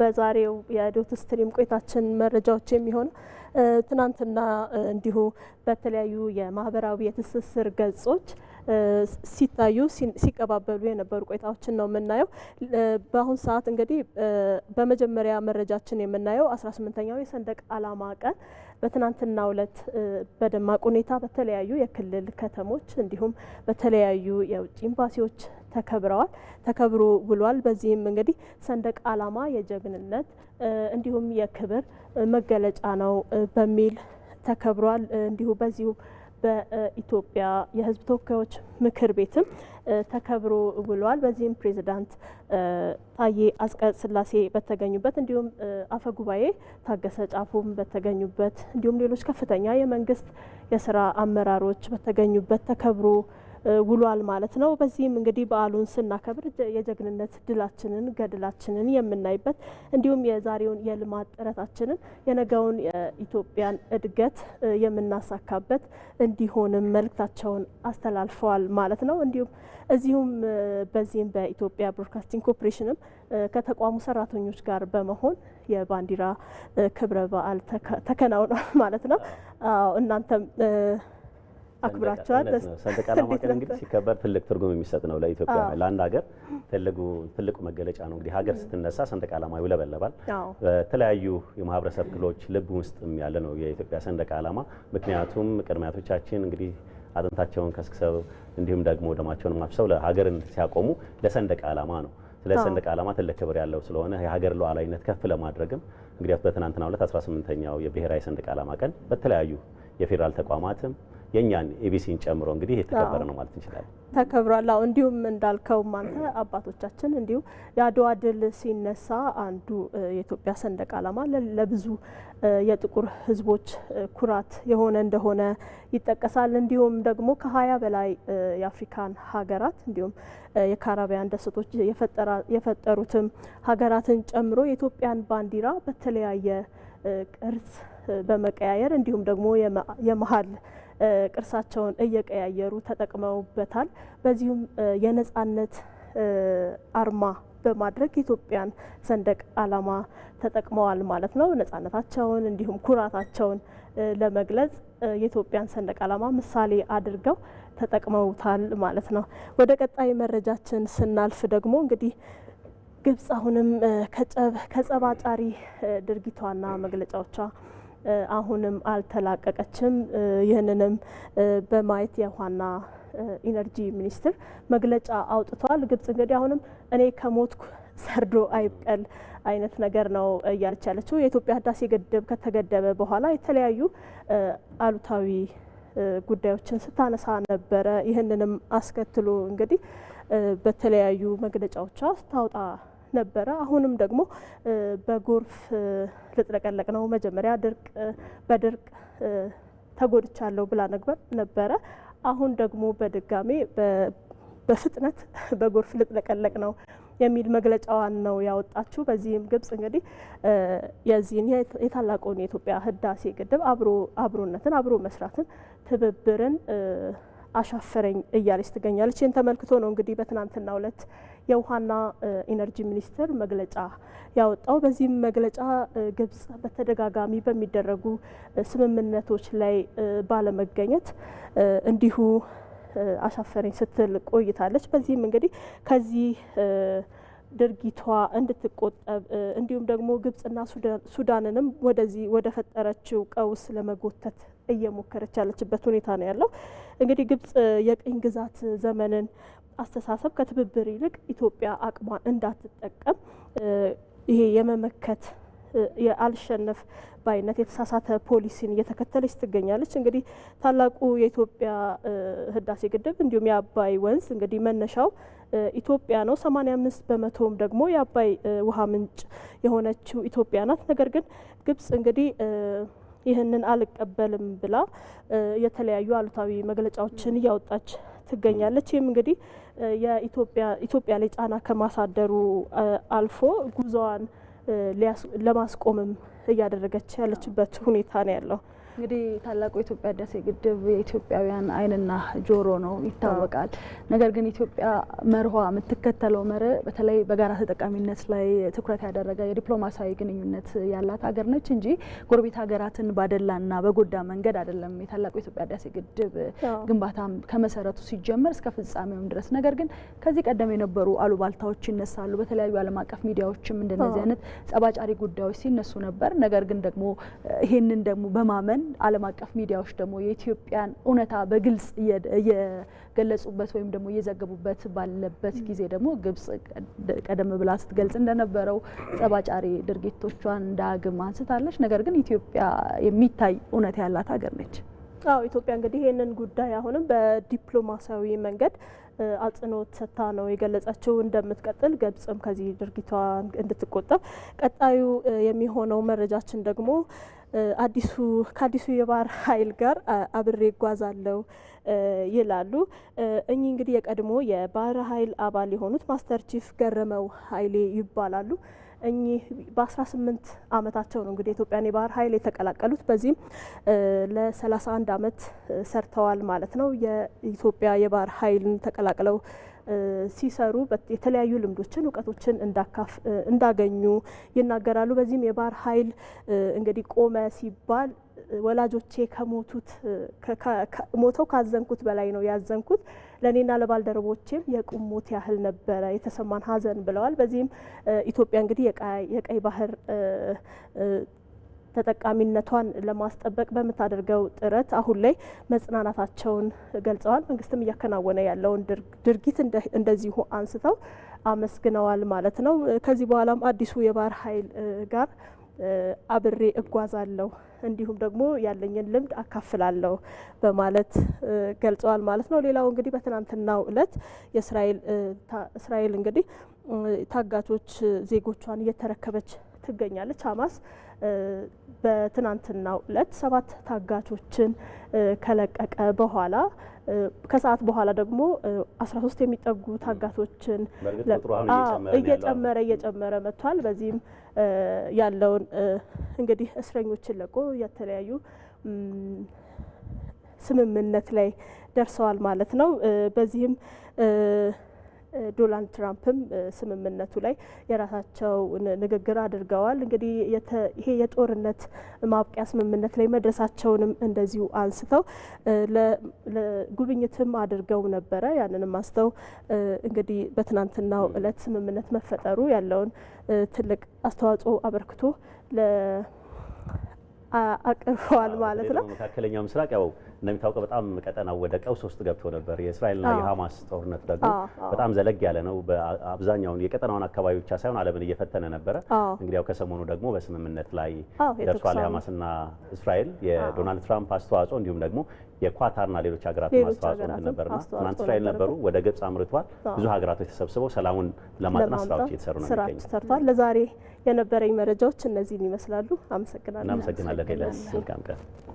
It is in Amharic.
በዛሬው የዶት ስትሪም ቆይታችን መረጃዎች የሚሆኑ ትናንትና እንዲሁ በተለያዩ የማህበራዊ የትስስር ገጾች ሲታዩ ሲቀባበሉ የነበሩ ቆይታዎችን ነው የምናየው። በአሁን ሰዓት እንግዲህ በመጀመሪያ መረጃችን የምናየው 18ኛው የሰንደቅ ዓላማ ቀን በትናንትናው ዕለት በደማቅ ሁኔታ በተለያዩ የክልል ከተሞች እንዲሁም በተለያዩ የውጭ ኤምባሲዎች ተከብረዋል ተከብሮ ውሏል። በዚህም እንግዲህ ሰንደቅ ዓላማ የጀግንነት እንዲሁም የክብር መገለጫ ነው በሚል ተከብሯል። እንዲሁ በዚሁ በኢትዮጵያ የሕዝብ ተወካዮች ምክር ቤትም ተከብሮ ውሏል። በዚህም ፕሬዚዳንት ታዬ አጽቀ ሥላሴ በተገኙበት እንዲሁም አፈ ጉባኤ ታገሰ ጫፉም በተገኙበት እንዲሁም ሌሎች ከፍተኛ የመንግስት የስራ አመራሮች በተገኙበት ተከብሮ ውሏል ማለት ነው። በዚህም እንግዲህ በዓሉን ስናከብር የጀግንነት ድላችንን ገድላችንን የምናይበት እንዲሁም የዛሬውን የልማት ጥረታችንን የነገውን የኢትዮጵያን እድገት የምናሳካበት እንዲሆንም መልእክታቸውን አስተላልፈዋል ማለት ነው። እንዲሁም እዚሁም በዚህም በኢትዮጵያ ብሮድካስቲንግ ኮርፖሬሽንም ከተቋሙ ሰራተኞች ጋር በመሆን የባንዲራ ክብረ በዓል ተከናውኗል ማለት ነው። እናንተም አክብራቸዋል። ሰንደቅ ዓላማ ቀን እንግዲህ ሲከበር ትልቅ ትርጉም የሚሰጥ ነው ለኢትዮጵያ፣ ለአንድ ሀገር ትልቁ መገለጫ ነው። እንግዲህ ሀገር ስትነሳ ሰንደቅ ዓላማ ይውለበለባል። በተለያዩ የማህበረሰብ ክፍሎች ልብ ውስጥም ያለ ነው የኢትዮጵያ ሰንደቅ ዓላማ። ምክንያቱም ቅድመ አያቶቻችን እንግዲህ አጥንታቸውን ከስክሰው እንዲሁም ደግሞ ደማቸውን ማፍሰው ለሀገርን ሲያቆሙ ለሰንደቅ ዓላማ ነው። ስለ ሰንደቅ ዓላማ ትልቅ ክብር ያለው ስለሆነ የሀገር ሉዓላዊነት ከፍ ለማድረግም እንግዲህ በትናንትናው ዕለት 18ኛው የብሔራዊ ሰንደቅ ዓላማ ቀን በተለያዩ የፌዴራል ተቋማትም የእኛን ኤቢሲን ጨምሮ እንግዲህ የተከበረ ነው ማለት እንችላለን። ተከብሯል። እንዲሁም እንዳልከው አንተ አባቶቻችን እንዲሁ የአድዋ ድል ሲነሳ አንዱ የኢትዮጵያ ሰንደቅ ዓላማ ለብዙ የጥቁር ሕዝቦች ኩራት የሆነ እንደሆነ ይጠቀሳል። እንዲሁም ደግሞ ከሀያ በላይ የአፍሪካን ሀገራት እንዲሁም የካራቢያን ደሰቶች የፈጠሩትም ሀገራትን ጨምሮ የኢትዮጵያን ባንዲራ በተለያየ ቅርጽ በመቀያየር እንዲሁም ደግሞ የመሀል ቅርሳቸውን እየቀያየሩ ተጠቅመውበታል። በዚሁም የነጻነት አርማ በማድረግ ኢትዮጵያን ሰንደቅ ዓላማ ተጠቅመዋል ማለት ነው። ነጻነታቸውን እንዲሁም ኩራታቸውን ለመግለጽ የኢትዮጵያን ሰንደቅ ዓላማ ምሳሌ አድርገው ተጠቅመውታል ማለት ነው። ወደ ቀጣይ መረጃችን ስናልፍ ደግሞ እንግዲህ ግብጽ አሁንም ከጸብ ድርጊቷና መግለጫዎቿ አሁንም አልተላቀቀችም። ይህንንም በማየት የውሃና ኢነርጂ ሚኒስትር መግለጫ አውጥቷል ግብጽ እንግዲህ አሁንም እኔ ከሞትኩ ሰርዶ አይብቀል አይነት ነገር ነው እያለች ያለችው። የኢትዮጵያ ህዳሴ ግድብ ከተገደበ በኋላ የተለያዩ አሉታዊ ጉዳዮችን ስታነሳ ነበረ። ይህንንም አስከትሎ እንግዲህ በተለያዩ መግለጫዎቿ ስታወጣ ነበረ። አሁንም ደግሞ በጎርፍ ልጥለቀለቅ ነው። መጀመሪያ ድርቅ በድርቅ ተጎድቻለሁ ብላ ነበረ። አሁን ደግሞ በድጋሜ በፍጥነት በጎርፍ ልጥለቀለቅ ነው የሚል መግለጫዋን ነው ያወጣችው። በዚህም ግብጽ እንግዲህ የዚህን የታላቁን የኢትዮጵያ ህዳሴ ግድብ አብሮነትን፣ አብሮ መስራትን፣ ትብብርን አሻፈረኝ እያለች ትገኛለች። ይህን ተመልክቶ ነው እንግዲህ በትናንትና ዕለት የውሃና ኢነርጂ ሚኒስቴር መግለጫ ያወጣው። በዚህም መግለጫ ግብጽ በተደጋጋሚ በሚደረጉ ስምምነቶች ላይ ባለመገኘት እንዲሁ አሻፈረኝ ስትል ቆይታለች። በዚህም እንግዲህ ከዚህ ድርጊቷ እንድትቆጠብ እንዲሁም ደግሞ ግብጽና ሱዳንንም ወደዚህ ወደ ፈጠረችው ቀውስ ለመጎተት እየሞከረች ያለችበት ሁኔታ ነው ያለው። እንግዲህ ግብጽ የቅኝ ግዛት ዘመንን አስተሳሰብ ከትብብር ይልቅ ኢትዮጵያ አቅሟን እንዳትጠቀም ይሄ የመመከት የአልሸነፍ ባይነት የተሳሳተ ፖሊሲን እየተከተለች ትገኛለች። እንግዲህ ታላቁ የኢትዮጵያ ህዳሴ ግድብ እንዲሁም የአባይ ወንዝ እንግዲህ መነሻው ኢትዮጵያ ነው። 85 በመቶም ደግሞ የአባይ ውሃ ምንጭ የሆነችው ኢትዮጵያ ናት። ነገር ግን ግብጽ እንግዲህ ይህንን አልቀበልም ብላ የተለያዩ አሉታዊ መግለጫዎችን እያወጣች ትገኛለች። ይህም እንግዲህ የኢትዮጵያ ላይ ጫና ከማሳደሩ አልፎ ጉዞዋን ለማስቆምም እያደረገች ያለችበት ሁኔታ ነው ያለው። እንግዲህ ታላቁ የኢትዮጵያ ህዳሴ ግድብ የኢትዮጵያውያን አይንና ጆሮ ነው ይታወቃል። ነገር ግን ኢትዮጵያ መርኋ የምትከተለው መርህ በተለይ በጋራ ተጠቃሚነት ላይ ትኩረት ያደረገ የዲፕሎማሲያዊ ግንኙነት ያላት ሀገር ነች እንጂ ጎረቤት ሀገራትን ባደላና በጎዳ መንገድ አይደለም። የታላቁ የኢትዮጵያ ህዳሴ ግድብ ግንባታም ከመሰረቱ ሲጀመር እስከ ፍጻሜውም ድረስ ነገር ግን ከዚህ ቀደም የነበሩ አሉባልታዎች ይነሳሉ። በተለያዩ ዓለም አቀፍ ሚዲያዎችም እንደነዚህ አይነት ጸባጫሪ ጉዳዮች ሲነሱ ነበር። ነገር ግን ደግሞ ይህንን ደግሞ በማመን ዓለም አቀፍ ሚዲያዎች ደግሞ የኢትዮጵያን እውነታ በግልጽ እየገለጹበት ወይም ደግሞ እየዘገቡበት ባለበት ጊዜ ደግሞ ግብጽ ቀደም ብላ ስትገልጽ እንደነበረው ጸባጫሪ ድርጊቶቿን ዳግም አንስታለች። ነገር ግን ኢትዮጵያ የሚታይ እውነት ያላት ሀገር ነች። አዎ ኢትዮጵያ እንግዲህ ይህንን ጉዳይ አሁንም በዲፕሎማሲያዊ መንገድ አጽንኦት ሰጥታ ነው የገለጸችው። እንደምትቀጥል ግብጽም ከዚህ ድርጊቷ እንድትቆጠብ። ቀጣዩ የሚሆነው መረጃችን ደግሞ አዲሱ ከአዲሱ የባህር ኃይል ጋር አብሬ እጓዛለሁ ይላሉ። እኚህ እንግዲህ የቀድሞ የባህር ኃይል አባል የሆኑት ማስተር ቺፍ ገረመው ኃይሌ ይባላሉ። እኚህ በ18 ዓመታቸው ነው እንግዲህ ኢትዮጵያን የባህር ኃይል የተቀላቀሉት። በዚህም ለ31 ዓመት ሰርተዋል ማለት ነው። የኢትዮጵያ የባህር ኃይልን ተቀላቅለው ሲሰሩ የተለያዩ ልምዶችን፣ እውቀቶችን እንዳገኙ ይናገራሉ። በዚህም የባህር ኃይል እንግዲህ ቆመ ሲባል ወላጆቼ ከሞቱት ሞተው ካዘንኩት በላይ ነው ያዘንኩት ለእኔና ለባልደረቦቼም የቁም ሞት ያህል ነበረ የተሰማን ሀዘን ብለዋል። በዚህም ኢትዮጵያ እንግዲህ የቀይ ባህር ተጠቃሚነቷን ለማስጠበቅ በምታደርገው ጥረት አሁን ላይ መጽናናታቸውን ገልጸዋል። መንግስትም እያከናወነ ያለውን ድርጊት እንደዚሁ አንስተው አመስግነዋል ማለት ነው። ከዚህ በኋላም አዲሱ የባህር ኃይል ጋር አብሬ እጓዛለሁ እንዲሁም ደግሞ ያለኝን ልምድ አካፍላለሁ በማለት ገልጸዋል ማለት ነው። ሌላው እንግዲህ በትናንትናው እለት እስራኤል እንግዲህ ታጋቾች ዜጎቿን እየተረከበች ትገኛለች። ሀማስ በትናንትናው እለት ሰባት ታጋቾችን ከለቀቀ በኋላ ከሰዓት በኋላ ደግሞ አስራ ሶስት የሚጠጉ ታጋቾችን እየጨመረ እየጨመረ መጥቷል። በዚህም ያለውን እንግዲህ እስረኞችን ለቆ የተለያዩ ስምምነት ላይ ደርሰዋል ማለት ነው። በዚህም ዶናልድ ትራምፕም ስምምነቱ ላይ የራሳቸው ንግግር አድርገዋል። እንግዲህ ይሄ የጦርነት ማብቂያ ስምምነት ላይ መድረሳቸውንም እንደዚሁ አንስተው ለጉብኝትም አድርገው ነበረ። ያንንም አስተው እንግዲህ በትናንትናው እለት ስምምነት መፈጠሩ ያለውን ትልቅ አስተዋጽኦ አበርክቶ አቅርበዋል ማለት ነው። መካከለኛው ምስራቅ ያው እንደሚታወቀው በጣም ቀጠናው ወደ ቀውስ ውስጥ ገብቶ ነበር። የእስራኤልና የሐማስ ጦርነት ደግሞ በጣም ዘለግ ያለ ነው። በአብዛኛውን የቀጠናውን አካባቢ ብቻ ሳይሆን ዓለምን እየፈተነ ነበረ። እንግዲህ ያው ከሰሞኑ ደግሞ በስምምነት ላይ ደርሷል የሐማስና እስራኤል። የዶናልድ ትራምፕ አስተዋጽኦ እንዲሁም ደግሞ የኳታርና ሌሎች ሀገራት ማስተዋጽኦ ና ትናንት እስራኤል ነበሩ፣ ወደ ግብጽ አምርቷል። ብዙ ሀገራቶች ተሰብስበው ሰላሙን ለማጥናት ስራዎች እየተሰሩ ነው የሚገኙ የነበረኝ መረጃዎች እነዚህን ይመስላሉ። አመሰግናለሁ። እናመሰግናለን። መልካም ቀን